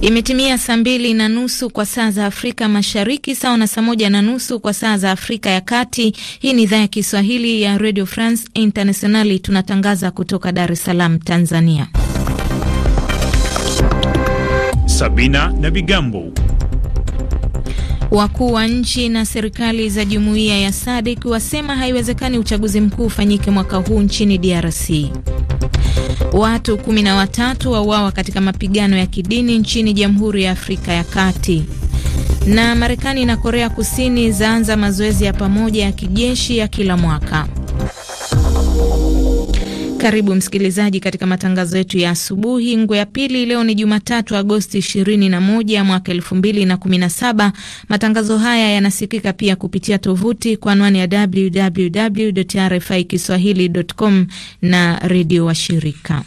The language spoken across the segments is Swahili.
Imetimia saa mbili na nusu kwa saa za Afrika Mashariki, sawa na saa moja na nusu kwa saa za Afrika ya Kati. Hii ni idhaa ya Kiswahili ya Radio France Internationali, tunatangaza kutoka Dar es Salaam, Tanzania. Sabina na Bigambo. Wakuu wa nchi na serikali za jumuiya ya SADC wasema haiwezekani uchaguzi mkuu ufanyike mwaka huu nchini DRC. Watu kumi na watatu wauawa katika mapigano ya kidini nchini Jamhuri ya Afrika ya Kati. Na Marekani na Korea Kusini zaanza mazoezi ya pamoja ya kijeshi ya kila mwaka. Karibu msikilizaji katika matangazo yetu ya asubuhi ngwe ya pili. Leo ni Jumatatu, Agosti 21 mwaka 2017. Matangazo haya yanasikika pia kupitia tovuti kwa anwani ya www rfi kiswahili.com na redio wa shirika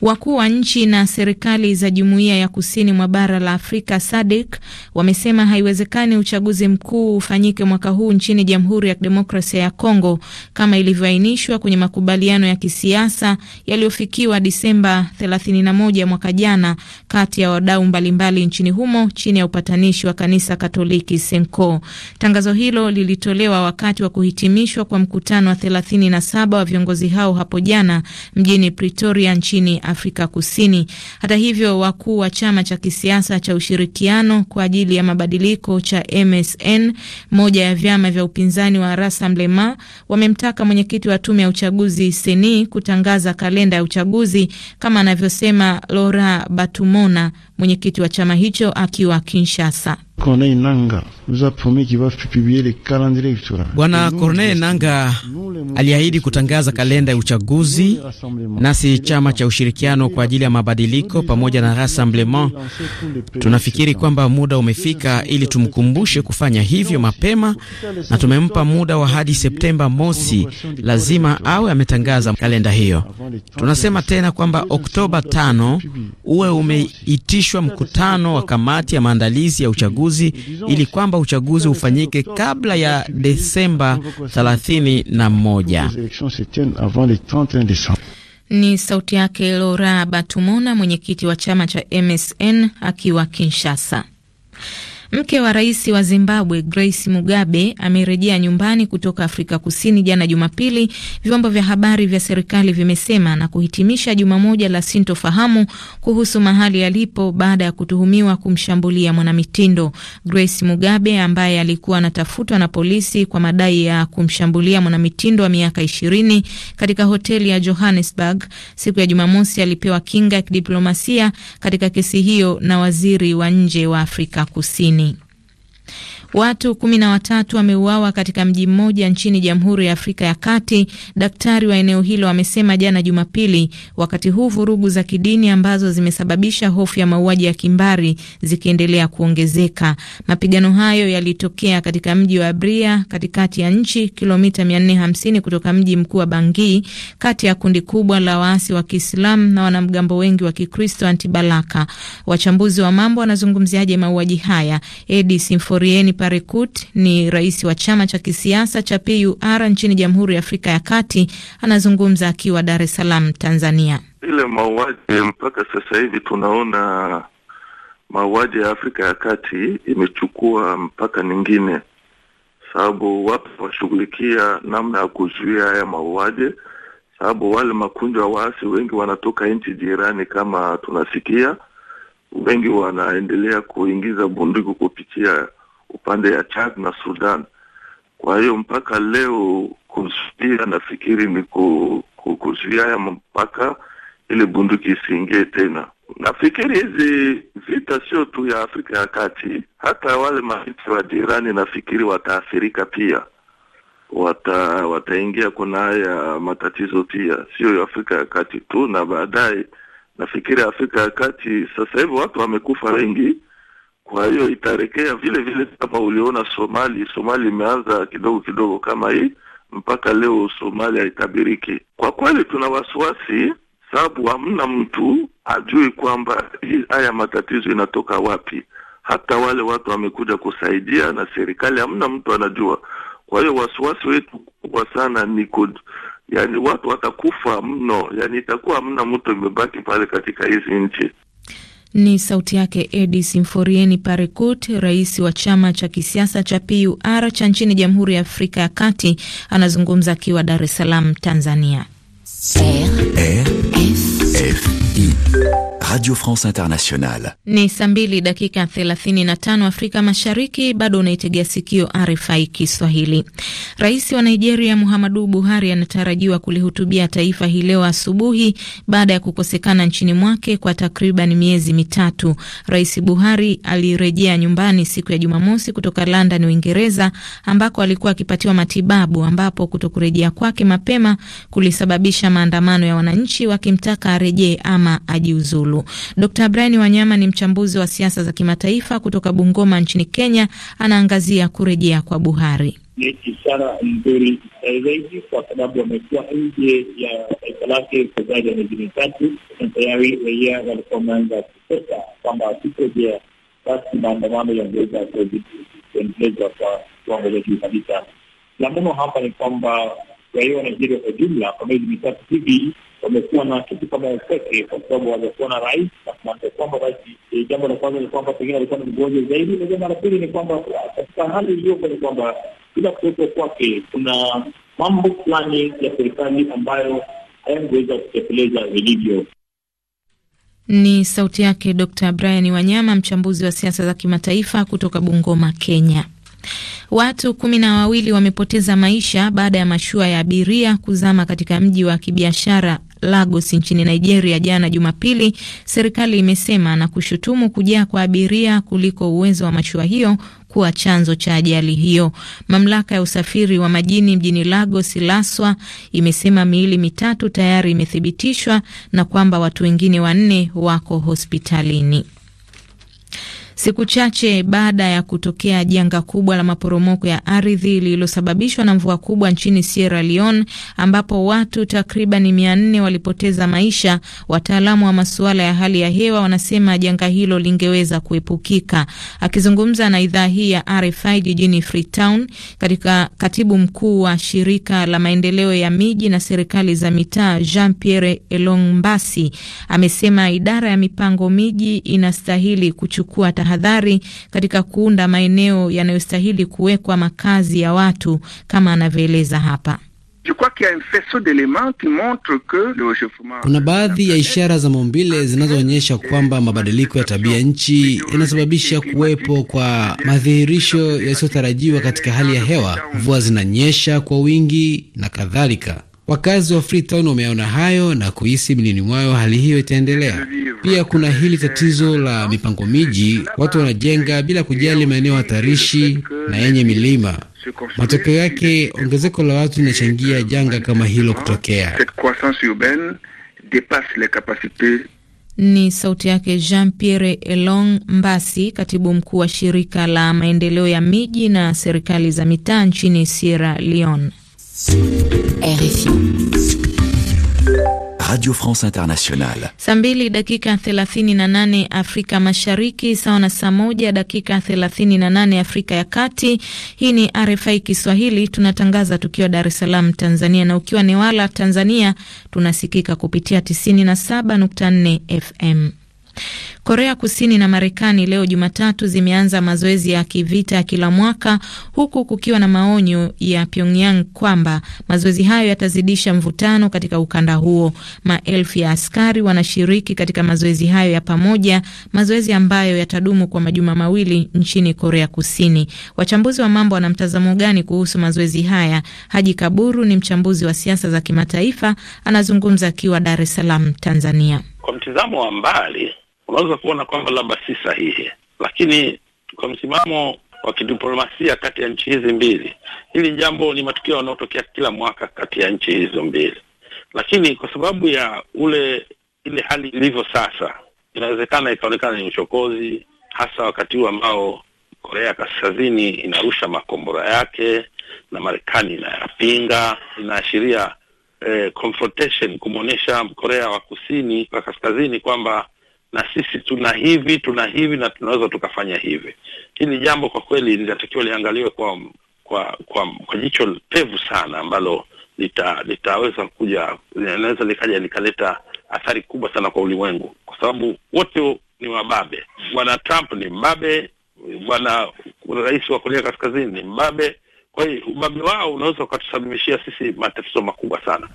Wakuu wa nchi na serikali za jumuiya ya kusini mwa bara la Afrika SADC wamesema haiwezekani uchaguzi mkuu ufanyike mwaka huu nchini Jamhuri ya Kidemokrasia ya Kongo kama ilivyoainishwa kwenye makubaliano ya kisiasa yaliyofikiwa Disemba 31 mwaka jana kati ya wadau mbalimbali nchini humo chini ya upatanishi wa kanisa Katoliki SENCO. Tangazo hilo lilitolewa wakati wa kuhitimishwa kwa mkutano wa 37 wa viongozi hao hapo jana mjini Pretoria nchini Afrika Kusini. Hata hivyo, wakuu wa chama cha kisiasa cha ushirikiano kwa ajili ya mabadiliko cha MSN, moja ya vyama vya upinzani wa Rassemblement, wamemtaka mwenyekiti wa tume ya uchaguzi Seni kutangaza kalenda ya uchaguzi kama anavyosema Laura Batumona, mwenyekiti wa chama hicho akiwa Kinshasa. Bwana Corneille Nanga aliahidi kutangaza kalenda ya uchaguzi, nasi chama cha ushirikiano kwa ajili ya mabadiliko pamoja na Rassemblement tunafikiri kwamba muda umefika ili tumkumbushe kufanya hivyo mapema, na tumempa muda wa hadi Septemba mosi, lazima awe ametangaza kalenda hiyo. Tunasema tena kwamba Oktoba tano uwe umeitishwa mkutano wa kamati ya maandalizi ya uchaguzi ili kwamba uchaguzi ufanyike kabla ya Desemba moja moja. Ni sauti yake Lora Batumona, mwenyekiti wa chama cha MSN akiwa Kinshasa. Mke wa rais wa Zimbabwe Grace Mugabe amerejea nyumbani kutoka Afrika Kusini jana Jumapili, vyombo vya habari vya serikali vimesema, na kuhitimisha juma moja la sintofahamu kuhusu mahali alipo baada ya kutuhumiwa kumshambulia mwanamitindo. Grace Mugabe ambaye alikuwa anatafutwa na polisi kwa madai ya kumshambulia mwanamitindo wa miaka ishirini katika hoteli ya Johannesburg siku ya Jumamosi alipewa kinga ya kidiplomasia katika kesi hiyo na waziri wa nje wa Afrika Kusini. Watu kumi na watatu wameuawa katika mji mmoja nchini Jamhuri ya Afrika ya Kati, daktari wa eneo hilo amesema jana Jumapili, wakati huu vurugu za kidini ambazo zimesababisha hofu ya mauaji ya kimbari zikiendelea kuongezeka. Mapigano hayo yalitokea katika mji wa Bria katikati ya nchi, kilomita 450 kutoka mji mkuu wa Bangui, kati ya kundi kubwa la waasi wa Kiislamu na wanamgambo wengi wa Kikristo antibalaka. Wachambuzi wa mambo wanazungumziaje mauaji haya? Edi Simforieni Parekut ni rais wa chama cha kisiasa cha PUR nchini Jamhuri ya Afrika ya Kati. Anazungumza akiwa Dar es Salaam, Tanzania. Ile mauaji mpaka sasa hivi tunaona mauaji ya Afrika ya Kati imechukua mpaka nyingine, sababu wapo washughulikia namna ya kuzuia haya mauaji, sababu wale makundi wa waasi wengi wanatoka nchi jirani, kama tunasikia wengi wanaendelea kuingiza bunduki kupitia upande ya Chad na Sudan. Kwa hiyo mpaka leo kuzuia, nafikiri ni kuzuia haya mpaka ili bunduki isiingie tena. Nafikiri hizi vita sio tu ya Afrika ya Kati, hata wale mavita wa jirani nafikiri wataathirika pia, wata wataingia kuna haya matatizo pia, sio ya Afrika ya Kati tu, na baadaye nafikiri Afrika ya Kati sasa hivi watu wamekufa wengi kwa hiyo itaelekea vile vile kama uliona Somali, Somali imeanza kidogo kidogo kama hii mpaka leo Somalia haitabiriki. Kwa kweli tuna wasiwasi, sababu hamna mtu ajui kwamba haya matatizo inatoka wapi. Hata wale watu wamekuja kusaidia na serikali, hamna mtu anajua. Kwa hiyo wasiwasi wetu kubwa sana ni yani, watu watakufa mno, yani itakuwa hamna mtu imebaki pale katika hizi nchi. Ni sauti yake Edi Simforieni Parekut, rais wa chama cha kisiasa cha PUR cha nchini Jamhuri ya Afrika ya Kati, anazungumza akiwa Dar es Salaam, Tanzania. Radio France Internationale. Ni saa mbili dakika 35 Afrika Mashariki, bado unaitegea sikio RFI Kiswahili. Rais wa Nigeria Muhammadu Buhari anatarajiwa kulihutubia taifa hii leo asubuhi baada ya kukosekana nchini mwake kwa takriban miezi mitatu. Rais Buhari alirejea nyumbani siku ya Jumamosi kutoka London, Uingereza, ambako alikuwa akipatiwa matibabu, ambapo kutokurejea kwake mapema kulisababisha maandamano ya wananchi wakimtaka arejee ama ajiuzulu. Ikulu. Dr Brian Wanyama ni mchambuzi wa siasa za kimataifa kutoka Bungoma nchini Kenya, anaangazia kurejea kwa Buhari. Ni ishara nzuri eh, zaidi kwa sababu wamekuwa nje ya taifa lake kwa zaidi ya miezi mitatu, na tayari raia walikuwa wameanza kukosa kwamba wakirejea basi maandamano yangeweza kuendelezwa kwa kiwango cha juu kabisa. La muhimu hapa ni kwamba raia wa Nigeria kwa jumla kwa miezi mitatu hivi wamekuwa na kitu kama upeke, kwa sababu hawajakuwa na rais na kumaanisha kwamba basi, eh, jambo la kwanza ni kwamba pengine alikuwa na mgonjwa zaidi, na jambo la pili ni kwamba katika hali iliyopo ni kwamba bila kuwepo kwake kuna mambo fulani ya serikali ambayo hayangeweza kutekeleza vilivyo. Ni sauti yake Dr Brian Wanyama, mchambuzi wa siasa za kimataifa kutoka Bungoma, Kenya. Watu kumi na wawili wamepoteza maisha baada ya mashua ya abiria kuzama katika mji wa kibiashara Lagos nchini Nigeria jana Jumapili, serikali imesema na kushutumu kujaa kwa abiria kuliko uwezo wa mashua hiyo kuwa chanzo cha ajali hiyo. Mamlaka ya usafiri wa majini mjini Lagos LASWA imesema miili mitatu tayari imethibitishwa na kwamba watu wengine wanne wako hospitalini. Siku chache baada ya kutokea janga kubwa la maporomoko ya ardhi lililosababishwa na mvua kubwa nchini Sierra Leone, ambapo watu takriban mia nne walipoteza maisha, wataalamu wa masuala ya hali ya hewa wanasema janga hilo lingeweza kuepukika. Akizungumza na idhaa hii ya RFI jijini Freetown, katika katibu mkuu wa shirika la maendeleo ya miji na serikali za mitaa Jean Pierre Elongbasi amesema idara ya mipango miji inastahili kuchukua tahadhari katika kuunda maeneo yanayostahili kuwekwa makazi ya watu kama anavyoeleza hapa. Kuna baadhi ya ishara za maumbile zinazoonyesha kwamba mabadiliko ya tabia nchi yanasababisha kuwepo kwa madhihirisho yasiyotarajiwa katika hali ya hewa, mvua zinanyesha kwa wingi na kadhalika. Wakazi wa Freetown wameona hayo na kuhisi mlini mwayo hali hiyo itaendelea. Pia kuna hili tatizo la mipango miji, watu wanajenga bila kujali maeneo hatarishi na yenye milima. Matokeo yake ongezeko la watu linachangia janga kama hilo kutokea. Ni sauti yake Jean Pierre Elong Mbasi, katibu mkuu wa shirika la maendeleo ya miji na serikali za mitaa nchini Sierra Leone. RFI Radio France Internationale. Saa mbili dakika 38 na nane Afrika Mashariki, sawa na saa moja dakika 38 na nane Afrika ya Kati. Hii ni RFI Kiswahili, tunatangaza tukiwa Dar es Salaam, Tanzania, na ukiwa Newala, Tanzania, tunasikika kupitia 97.4 FM. Korea Kusini na Marekani leo Jumatatu zimeanza mazoezi ya kivita ya kila mwaka huku kukiwa na maonyo ya Pyongyang kwamba mazoezi hayo yatazidisha mvutano katika ukanda huo. Maelfu ya askari wanashiriki katika mazoezi hayo ya pamoja, mazoezi ambayo yatadumu kwa majuma mawili nchini Korea Kusini. Wachambuzi wa mambo wana mtazamo gani kuhusu mazoezi haya? Haji Kaburu ni mchambuzi wa siasa za kimataifa, anazungumza akiwa Dar es Salaam, Tanzania. Kwa mtizamo wa mbali unaweza kuona kwamba labda si sahihi, lakini kwa msimamo wa kidiplomasia kati ya nchi hizi mbili, hili jambo ni matukio yanayotokea kila mwaka kati ya nchi hizo mbili, lakini kwa sababu ya ule ile hali ilivyo sasa, inawezekana ikaonekana ni uchokozi, hasa wakati huu ambao Korea Kaskazini inarusha makombora yake na Marekani inayapinga, inaashiria eh, confrontation, kumwonyesha Korea wa kusini wa kaskazini kwamba na sisi tuna hivi tuna hivi na tunaweza tukafanya hivi. Hili jambo kwa kweli linatakiwa liangaliwe kwa kwa kwa, kwa jicho pevu sana ambalo lita, litaweza kuja linaweza likaja likaleta athari kubwa sana kwa ulimwengu, kwa sababu wote ni wababe. Bwana Trump ni mbabe, bwana rais wa Korea Kaskazini ni mbabe. Kwa hiyo ubabe wao unaweza ukatusababishia sisi matatizo makubwa sana.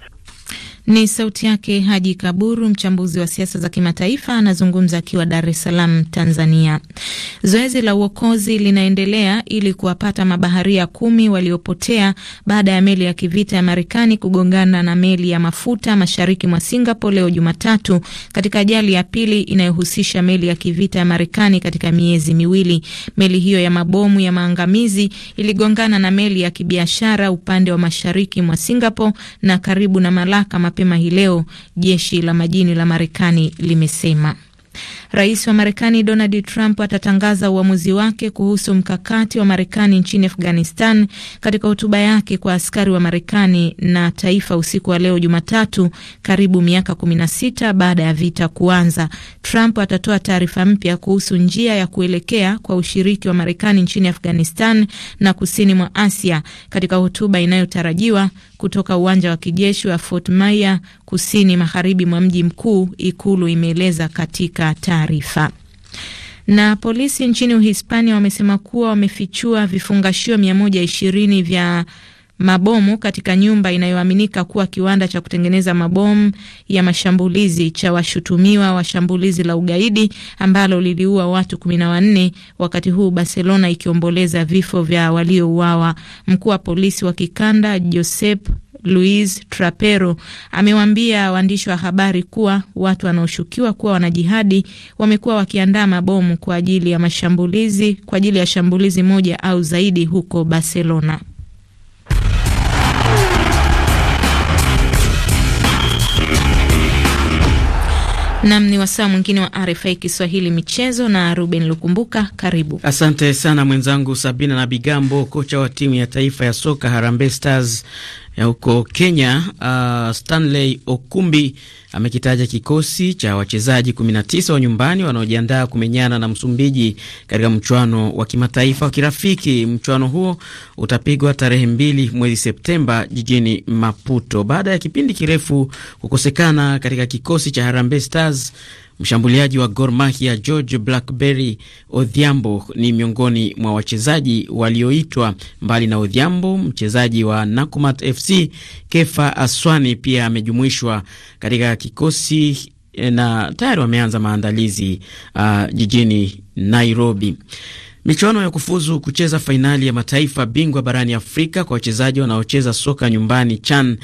Ni sauti yake Haji Kaburu, mchambuzi wa siasa za kimataifa, anazungumza akiwa Dar es Salaam, Tanzania. Zoezi la uokozi linaendelea ili kuwapata mabaharia kumi waliopotea baada ya meli ya kivita ya Marekani kugongana na meli ya mafuta mashariki mwa Singapore leo Jumatatu, katika ajali ya pili inayohusisha meli ya kivita ya Marekani katika miezi miwili. Meli hiyo ya mabomu ya maangamizi iligongana na meli ya kibiashara upande wa mashariki mwa Singapore na karibu na Malaka mapema hii leo, jeshi la majini la Marekani limesema. Rais wa Marekani Donald Trump atatangaza uamuzi wake kuhusu mkakati wa Marekani nchini Afghanistan katika hotuba yake kwa askari wa Marekani na taifa usiku wa leo Jumatatu, karibu miaka 16 baada ya vita kuanza. Trump atatoa taarifa mpya kuhusu njia ya kuelekea kwa ushiriki wa Marekani nchini Afghanistan na kusini mwa Asia katika hotuba inayotarajiwa kutoka uwanja wa kijeshi wa Fort Myer kusini magharibi mwa mji mkuu, ikulu imeeleza katika taarifa. Na polisi nchini Uhispania wamesema kuwa wamefichua vifungashio 120 vya mabomu katika nyumba inayoaminika kuwa kiwanda cha kutengeneza mabomu ya mashambulizi cha washutumiwa wa shambulizi la ugaidi ambalo liliua watu kumi na wanne, wakati huu Barcelona ikiomboleza vifo vya waliouawa. Mkuu wa polisi wa kikanda Josep Luis Trapero amewaambia waandishi wa habari kuwa watu wanaoshukiwa kuwa wanajihadi wamekuwa wakiandaa mabomu kwa ajili ya mashambulizi kwa ajili ya shambulizi moja au zaidi huko Barcelona. Nam ni wasaa mwingine wa RFI Kiswahili michezo na Ruben Lukumbuka, karibu. Asante sana mwenzangu Sabina na Bigambo. Kocha wa timu ya taifa ya soka Harambee Stars huko Kenya, uh, Stanley Okumbi amekitaja kikosi cha wachezaji 19 wa nyumbani wanaojiandaa kumenyana na Msumbiji katika mchuano wa kimataifa wa kirafiki. Mchuano huo utapigwa tarehe mbili mwezi Septemba jijini Maputo. Baada ya kipindi kirefu kukosekana katika kikosi cha Harambee Stars Mshambuliaji wa Gor Mahia George Blackberry Odhiambo ni miongoni mwa wachezaji walioitwa. Mbali na Odhiambo, mchezaji wa Nakumat FC Kefa Aswani pia amejumuishwa katika kikosi eh, na tayari wameanza maandalizi uh, jijini Nairobi. Michuano ya kufuzu kucheza fainali ya mataifa bingwa barani Afrika kwa wachezaji wanaocheza soka nyumbani CHAN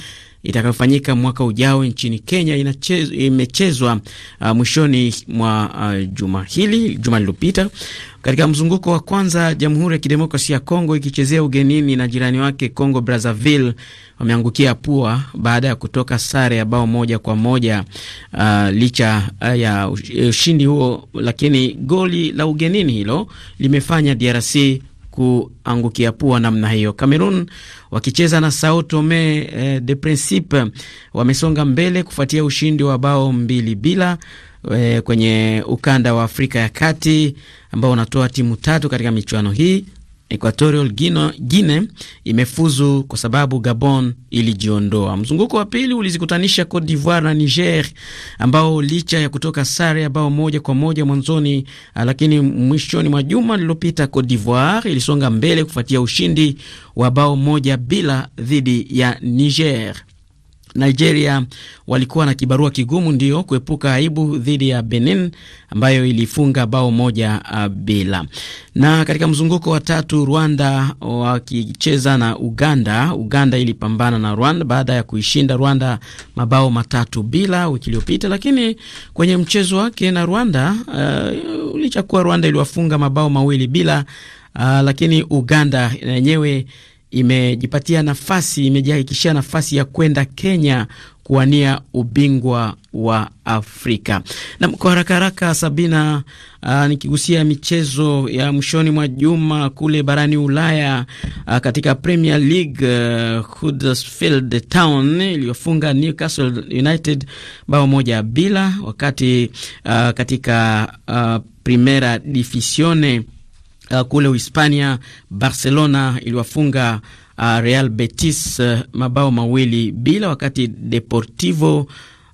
itakayofanyika mwaka ujao nchini Kenya imechezwa uh, mwishoni mwa uh, juma hili, juma lililopita katika mzunguko wa kwanza, Jamhuri ya Kidemokrasia ya Kongo ikichezea ugenini na jirani wake Congo Brazzaville wameangukia pua baada ya kutoka sare ya bao moja kwa moja. Uh, licha uh, ya ushindi huo, lakini goli la ugenini hilo limefanya DRC kuangukia pua namna hiyo. Cameroon wakicheza na Sao Tome eh, de Principe wamesonga mbele kufuatia ushindi wa bao mbili bila eh, kwenye ukanda wa Afrika ya Kati ambao unatoa timu tatu katika michuano hii Equatorial Guinea imefuzu kwa sababu Gabon ilijiondoa. Mzunguko wa pili ulizikutanisha Cote d'Ivoire na Niger, ambao licha ya kutoka sare ya bao moja kwa moja mwanzoni, lakini mwishoni mwa juma lililopita Cote d'Ivoire ilisonga mbele kufuatia ushindi wa bao moja bila dhidi ya Niger. Nigeria walikuwa na kibarua kigumu ndio kuepuka aibu dhidi ya Benin ambayo ilifunga bao moja uh, bila. Na katika mzunguko wa tatu Rwanda wakicheza na Uganda, Uganda ilipambana na Rwanda baada ya kuishinda Rwanda mabao matatu bila wiki iliyopita, lakini kwenye mchezo wake na Rwanda uh, licha kuwa Rwanda iliwafunga mabao mawili bila uh, lakini Uganda yenyewe imejipatia nafasi, imejihakikishia nafasi ya kwenda Kenya kuwania ubingwa wa Afrika. Na kwa haraka haraka, Sabina, aa, ah, nikigusia michezo ya mwishoni mwa juma kule barani Ulaya, aa, ah, katika Premier League, uh, Huddersfield Town iliyofunga Newcastle United bao moja bila, wakati uh, katika uh, Primera Divisione uh, kule Uhispania, Barcelona iliwafunga uh, Real Betis uh, mabao mawili bila, wakati Deportivo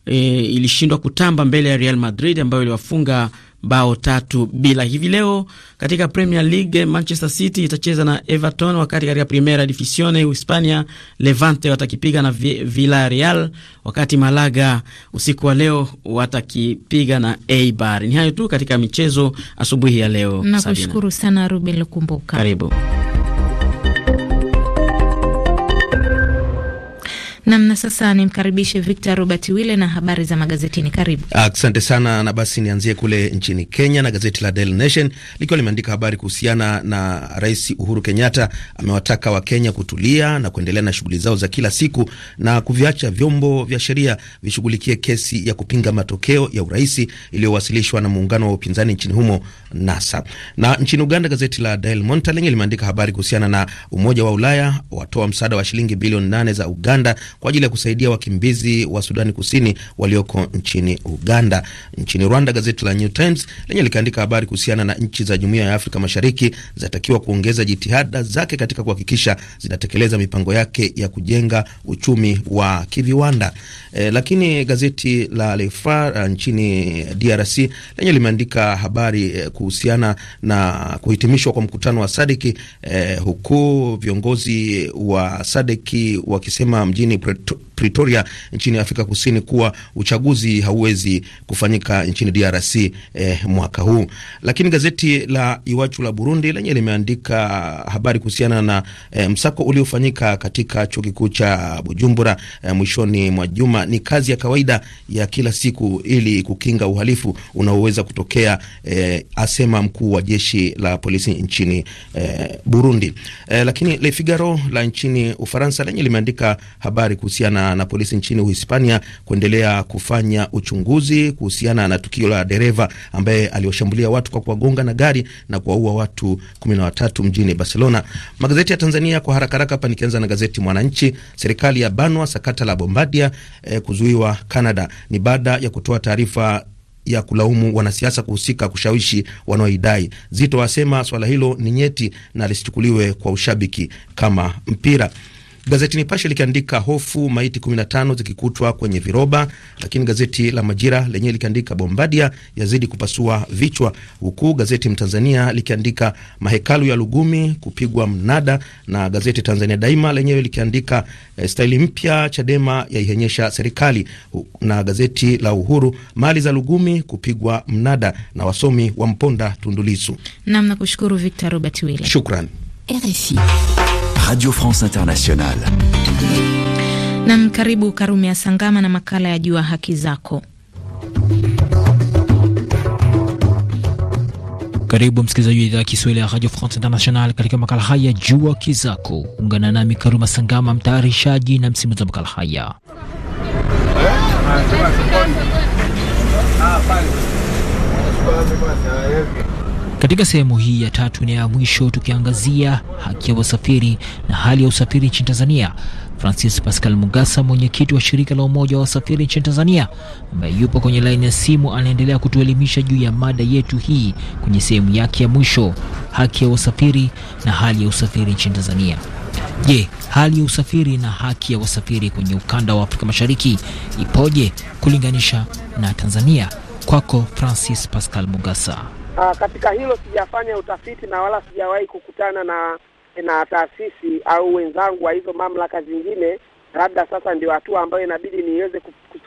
uh, ilishindwa kutamba mbele ya Real Madrid ambayo iliwafunga bao tatu bila. Hivi leo katika Premier League Manchester City itacheza na Everton, wakati katika Primera Divisione Uhispania Levante watakipiga na Villarreal, wakati Malaga usiku wa leo watakipiga na Eibar. Ni hayo tu katika michezo asubuhi ya leo. Nakushukuru sana Ruben Lukumbuka, Karibu. Nam, na sasa nimkaribishe Victor Robert Wille na habari za magazetini. Karibu. Asante sana, na basi nianzie kule nchini Kenya na gazeti la Daily Nation likiwa limeandika habari kuhusiana na Rais Uhuru Kenyatta amewataka Wakenya kutulia na kuendelea na shughuli zao za kila siku na kuviacha vyombo vya sheria vishughulikie kesi ya kupinga matokeo ya urahisi iliyowasilishwa na muungano wa upinzani nchini humo NASA. Na nchini Uganda, gazeti la Daily Monitor limeandika habari kuhusiana na Umoja wa Ulaya watoa msaada wa shilingi bilioni nane za Uganda kwa ajili ya kusaidia wakimbizi wa Sudani Kusini walioko nchini Uganda. Nchini Rwanda, gazeti la New Times lenye likaandika habari kuhusiana na nchi za Jumuiya ya Afrika Mashariki zinatakiwa kuongeza jitihada zake katika kuhakikisha zinatekeleza mipango yake ya kujenga uchumi wa kiviwanda. E, lakini gazeti la Le Phare eh, nchini DRC lenye limeandika habari eh, kuhusiana na kuhitimishwa kwa mkutano wa Sadiki e, huku viongozi wa Sadiki wakisema mjini pre to Pretoria nchini Afrika Kusini kuwa uchaguzi hauwezi kufanyika nchini DRC eh, mwaka huu. Lakini gazeti la Iwachu la Burundi lenye limeandika habari kuhusiana na eh, msako uliofanyika katika chuo kikuu cha Bujumbura eh, mwishoni mwa juma. Ni kazi ya kawaida ya kila siku ili kukinga uhalifu unaoweza kutokea eh, asema mkuu wa jeshi la polisi nchini eh, Burundi. Eh, lakini Le Figaro la nchini Ufaransa lenye limeandika habari kuhusiana na, polisi nchini Uhispania kuendelea kufanya uchunguzi kuhusiana na tukio la dereva ambaye aliwashambulia watu kwa kuwagonga na gari na kuwaua watu kumi na watatu mjini Barcelona. Magazeti ya Tanzania kwa haraka haraka hapa, nikianza na gazeti Mwananchi. Serikali ya banwa sakata la Bombadia eh, kuzuiwa Canada ni baada ya kutoa taarifa ya kulaumu wanasiasa kuhusika kushawishi wanaoidai. Zito wasema swala hilo ni nyeti na lisichukuliwe kwa ushabiki kama mpira. Gazeti Nipashe likiandika hofu, maiti 15 zikikutwa kwenye viroba, lakini gazeti la Majira lenyewe likiandika bombadia yazidi kupasua vichwa, huku gazeti Mtanzania likiandika mahekalu ya Lugumi kupigwa mnada, na gazeti Tanzania Daima lenyewe likiandika eh, staili mpya Chadema yaihenyesha serikali, na gazeti la Uhuru mali za Lugumi kupigwa mnada, na wasomi wa mponda Tundulisu. Namna kushukuru Victor Robert Wile, shukran RFI. Radio France Internationale. Nam, karibu Karume ya Sangama na makala ya Jua Haki Zako. Karibu msikilizaji wa idhaa ya Kiswahili ya Radio France International katika makala haya Jua Haki Zako. Ungana nami Karuma Sangama, mtayarishaji na msimuzi wa makala haya. Katika sehemu hii ya tatu na ya mwisho, tukiangazia haki ya wasafiri na hali ya usafiri nchini Tanzania, Francis Pascal Mugasa, mwenyekiti wa shirika la umoja wa wasafiri nchini Tanzania, ambaye yupo kwenye laini ya simu, anaendelea kutuelimisha juu ya mada yetu hii kwenye sehemu yake ya mwisho, haki ya wasafiri na hali ya usafiri nchini Tanzania. Je, hali ya usafiri na haki ya wasafiri kwenye ukanda wa Afrika Mashariki ipoje kulinganisha na Tanzania? Kwako Francis Pascal Mugasa. Uh, katika hilo sijafanya utafiti na wala sijawahi kukutana na na taasisi au wenzangu wa hizo mamlaka zingine. Labda sasa ndio hatua ambayo inabidi niweze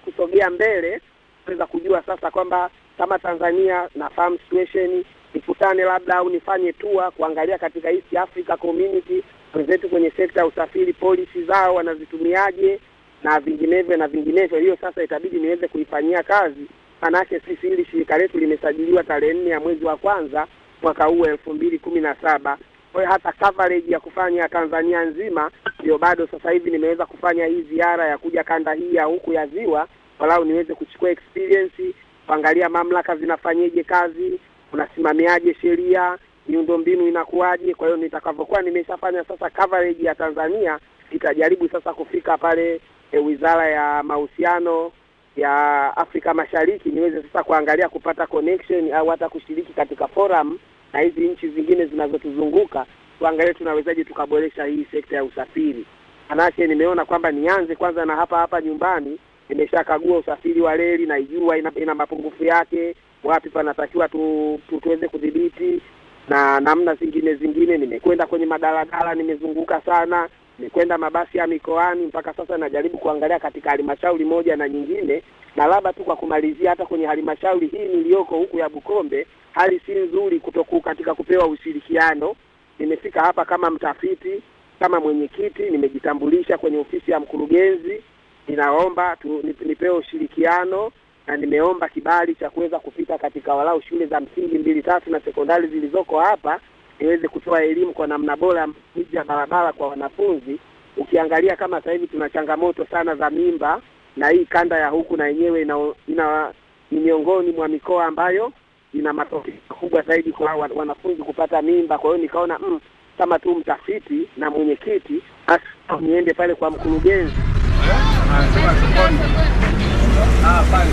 kusogea mbele kuweza kujua sasa kwamba kama Tanzania farm situation, nikutane labda au nifanye tua kuangalia katika East Africa Community wenzetu kwenye sekta ya usafiri, polisi zao wanazitumiaje na vinginevyo na vinginevyo. Hiyo sasa itabidi niweze kuifanyia kazi Manake sisi hili shirika letu limesajiliwa tarehe nne ya mwezi wa kwanza mwaka huu elfu mbili kumi na saba. Kwa hiyo hata coverage ya kufanya Tanzania nzima ndio bado sasa hivi nimeweza kufanya hii ziara ya kuja kanda hii ya huku ya ziwa, walau niweze kuchukua experience, kuangalia mamlaka zinafanyeje kazi, unasimamiaje sheria, miundombinu inakuwaje. Kwa hiyo nitakavyokuwa nimeshafanya sasa coverage ya Tanzania, nitajaribu sasa kufika pale e, wizara ya mahusiano ya Afrika Mashariki niweze sasa kuangalia kupata connection au hata kushiriki katika forum na hizi nchi zingine zinazotuzunguka, tuangalie tunawezaje tukaboresha hii sekta ya usafiri. Manake nimeona kwamba nianze kwanza na hapa hapa nyumbani. Nimeshakagua usafiri wa reli, naijua ina, ina mapungufu yake, wapi panatakiwa tu, tu, tuweze kudhibiti na namna zingine zingine. Nimekwenda kwenye madaladala, nimezunguka sana, ni kwenda mabasi ya mikoani. Mpaka sasa najaribu kuangalia katika halmashauri moja na nyingine, na labda tu kwa kumalizia, hata kwenye halmashauri hii niliyoko huku ya Bukombe hali si nzuri kutoku katika kupewa ushirikiano. Nimefika hapa kama mtafiti, kama mwenyekiti, nimejitambulisha kwenye ofisi ya mkurugenzi, ninaomba tu, nipewe ushirikiano na nimeomba kibali cha kuweza kupita katika walau shule za msingi mbili tatu na sekondari zilizoko hapa iweze kutoa elimu kwa namna bora miji ya barabara kwa wanafunzi. Ukiangalia kama sasa hivi tuna changamoto sana za mimba, na hii kanda ya huku na yenyewe ina, ina ni miongoni mwa mikoa ambayo ina matokeo makubwa zaidi kwa wanafunzi kupata mimba. Kwa hiyo nikaona mm, kama tu mtafiti na mwenyekiti hasa niende pale kwa mkurugenzi eh? ah,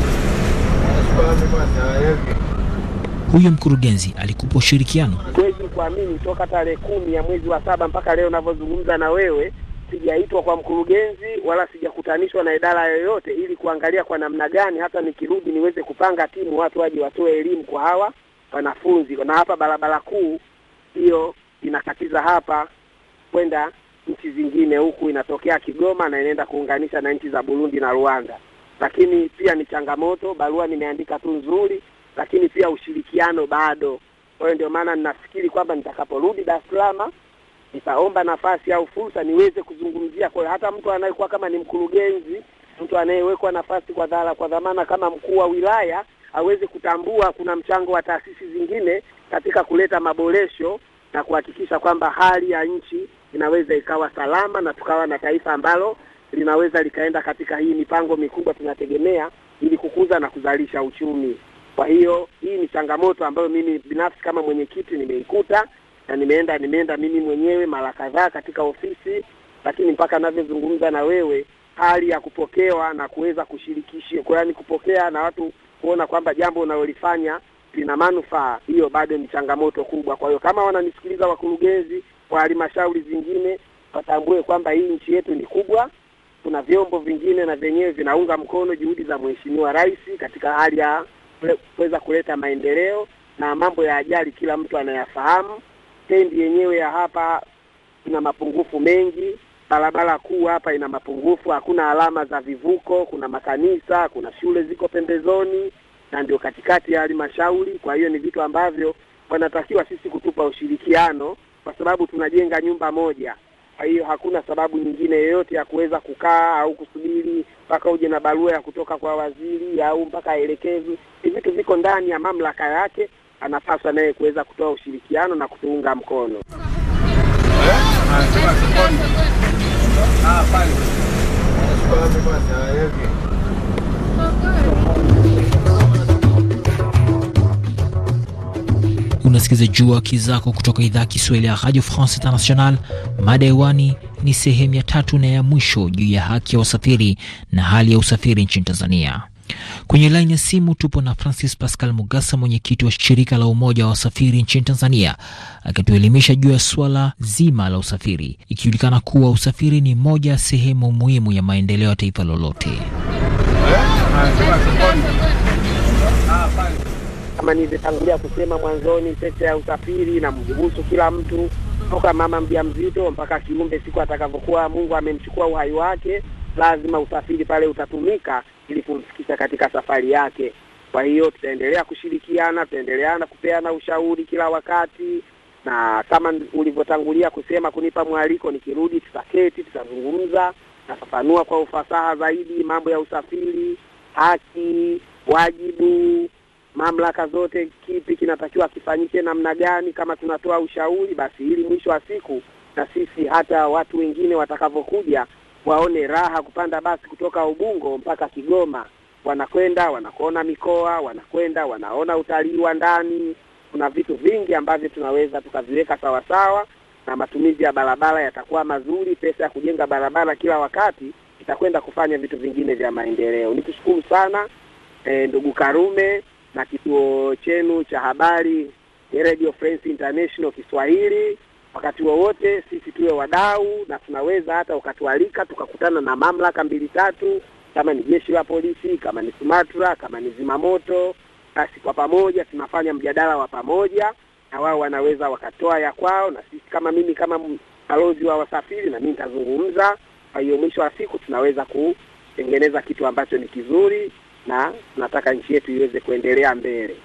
huyo mkurugenzi alikupa ushirikiano? Siwezi kuamini, toka tarehe kumi ya mwezi wa saba mpaka leo navyozungumza na wewe sijaitwa kwa mkurugenzi wala sijakutanishwa na idara yoyote, ili kuangalia kwa namna gani hata nikirudi niweze kupanga timu, watu waje watoe elimu kwa hawa wanafunzi. Na hapa barabara kuu hiyo inakatiza hapa kwenda nchi zingine, huku inatokea Kigoma na inaenda kuunganisha na nchi za Burundi na Rwanda, lakini pia ni changamoto. Barua nimeandika tu nzuri, lakini pia ushirikiano bado. Kwa hiyo ndio maana ninafikiri kwamba nitakaporudi Dar es Salaam nitaomba nafasi au fursa niweze kuzungumzia. Kwa hiyo hata mtu anayekuwa kama ni mkurugenzi, mtu anayewekwa nafasi kwa dhala kwa dhamana kama mkuu wa wilaya aweze kutambua kuna mchango wa taasisi zingine katika kuleta maboresho na kuhakikisha kwamba hali ya nchi inaweza ikawa salama na tukawa na taifa ambalo linaweza likaenda katika hii mipango mikubwa tunategemea ili kukuza na kuzalisha uchumi. Kwa hiyo hii ni changamoto ambayo mimi binafsi kama mwenyekiti nimeikuta na nimeenda nimeenda mimi mwenyewe mara kadhaa katika ofisi, lakini mpaka navyozungumza na wewe, hali ya kupokewa na kuweza kushirikishia, yaani kupokea na watu kuona kwamba jambo unalolifanya lina manufaa, hiyo bado ni changamoto kubwa. Kwa hiyo kama wananisikiliza wakurugenzi wa halmashauri zingine, watambue kwamba hii nchi yetu ni kubwa, kuna vyombo vingine na vyenyewe vinaunga mkono juhudi za Mheshimiwa Rais katika hali ya kuweza kuleta maendeleo, na mambo ya ajali kila mtu anayafahamu. Stendi yenyewe ya hapa ina mapungufu mengi, barabara kuu hapa ina mapungufu, hakuna alama za vivuko, kuna makanisa, kuna shule ziko pembezoni na ndio katikati ya halmashauri. Kwa hiyo ni vitu ambavyo wanatakiwa sisi kutupa ushirikiano, kwa sababu tunajenga nyumba moja kwa hiyo hakuna sababu nyingine yoyote ya kuweza kukaa au kusubiri mpaka uje na barua ya kutoka kwa waziri au mpaka aelekezwe. Ni vitu viko ndani ya mamlaka yake, anapaswa naye kuweza kutoa ushirikiano na kutuunga mkono. Eh? Ah, Unasikiza jua kizako kutoka idhaa Kiswahili ya Radio France International. Mada hewani ni sehemu ya tatu na ya mwisho juu ya haki ya wasafiri na hali ya usafiri nchini Tanzania. Kwenye laini ya simu tupo na Francis Pascal Mugasa, mwenyekiti wa shirika la umoja wa wasafiri nchini Tanzania, akituelimisha juu ya suala zima la usafiri, ikijulikana kuwa usafiri ni moja ya sehemu muhimu ya maendeleo ya taifa lolote kama nilivyotangulia kusema mwanzoni, sekta ya usafiri inamhusu kila mtu toka mama mzito mpaka kiumbe siku atakavyokuwa Mungu amemchukua uhai wake, lazima usafiri pale utatumika ili kumfikisha katika safari yake. Kwa hiyo tutaendelea kushirikiana, tutaendeleana kupeana ushauri kila wakati, na kama ulivyotangulia kusema kunipa mwaliko, nikirudi tutaketi, tutazungumza, nafafanua kwa ufasaha zaidi mambo ya usafiri, haki, wajibu mamlaka zote, kipi kinatakiwa kifanyike namna gani. Kama tunatoa ushauri, basi ili mwisho wa siku na sisi hata watu wengine watakavyokuja waone raha kupanda basi kutoka Ubungo mpaka Kigoma, wanakwenda wanakuona mikoa, wanakwenda wanaona utalii wa ndani. Kuna vitu vingi ambavyo tunaweza tukaviweka sawasawa, na matumizi ya barabara yatakuwa mazuri. Pesa ya kujenga barabara kila wakati itakwenda kufanya vitu vingine vya maendeleo. Nikushukuru sana e, ndugu Karume na kituo chenu cha habari Radio France International Kiswahili wakati wowote wa sisi tuwe wadau, na tunaweza hata ukatualika tukakutana na mamlaka mbili tatu, kama ni jeshi la polisi, kama ni SUMATRA, kama ni zimamoto, basi kwa pamoja tunafanya mjadala wa pamoja, na wao wanaweza wakatoa ya kwao, na sisi kama mimi kama balozi wa wasafiri, na mimi nitazungumza. Kwa hiyo mwisho wa siku tunaweza kutengeneza kitu ambacho ni kizuri na tunataka nchi yetu iweze kuendelea mbele.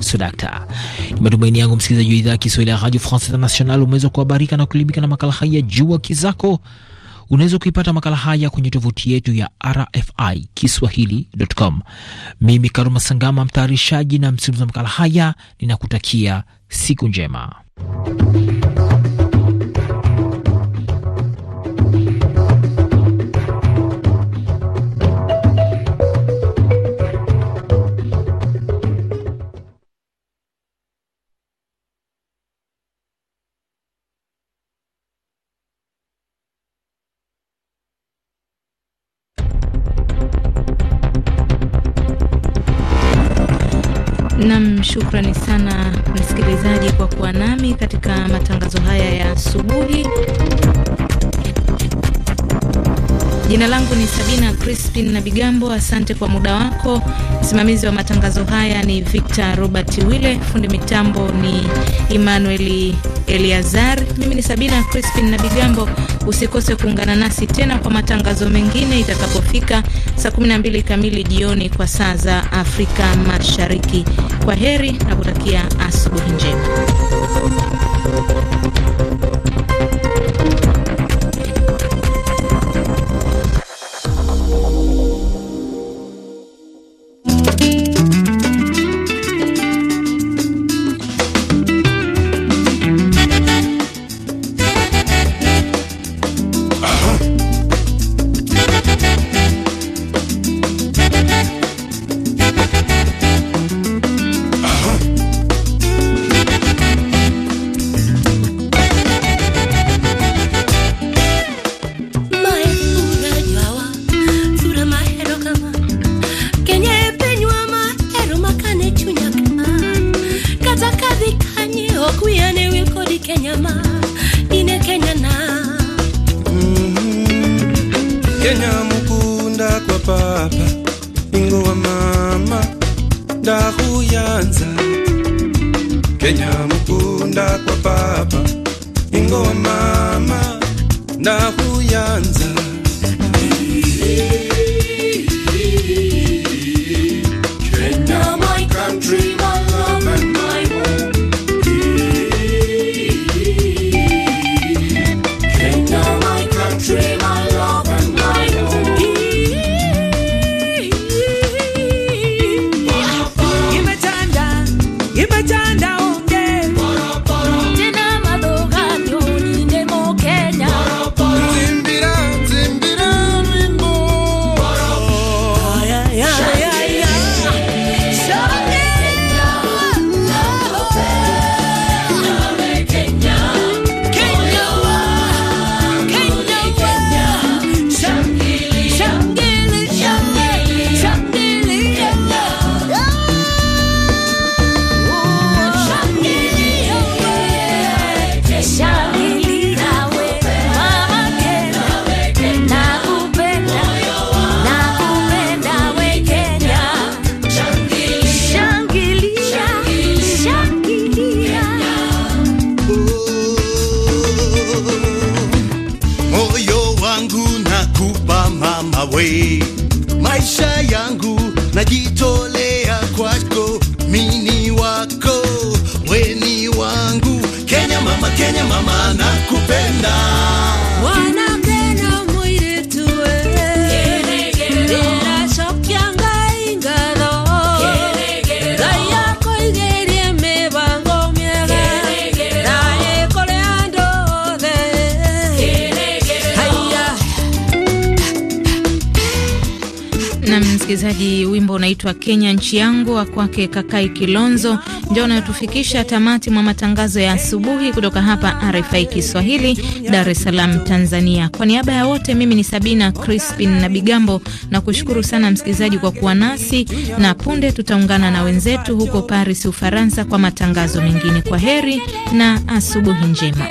Sudakta, ni matumaini yangu msikilizaji wa idhaa ya Kiswahili ya Radio France International umeweza kuhabarika na kuelimika na makala haya juu kizako. Unaweza kuipata makala haya kwenye tovuti yetu ya RFI Kiswahili.com. Mimi Karuma Sangama, mtayarishaji na msimulizi wa makala haya, ninakutakia siku njema. Nam, shukrani sana msikilizaji kwa kuwa nami katika matangazo haya ya asubuhi. Jina langu ni Sabina Crispin na Bigambo. Asante kwa muda wako. Msimamizi wa matangazo haya ni Victor Robert Wille, fundi mitambo ni Emmanuel Eliazar. Mimi ni Sabina Crispin na Bigambo. Usikose kuungana nasi tena kwa matangazo mengine itakapofika saa 12 kamili jioni kwa saa za Afrika Mashariki. Kwa heri na kutakia asubuhi njema. let's go msikilizaji, wimbo unaitwa Kenya nchi yangu wa kwake Kakai Kilonzo ndio unayotufikisha tamati mwa matangazo ya asubuhi kutoka hapa RFI Kiswahili, Dar es Salaam, Tanzania. Kwa niaba ya wote, mimi ni Sabina Crispin na Bigambo na kushukuru sana msikilizaji kwa kuwa nasi, na punde tutaungana na wenzetu huko Paris, Ufaransa, kwa matangazo mengine. Kwa heri na asubuhi njema.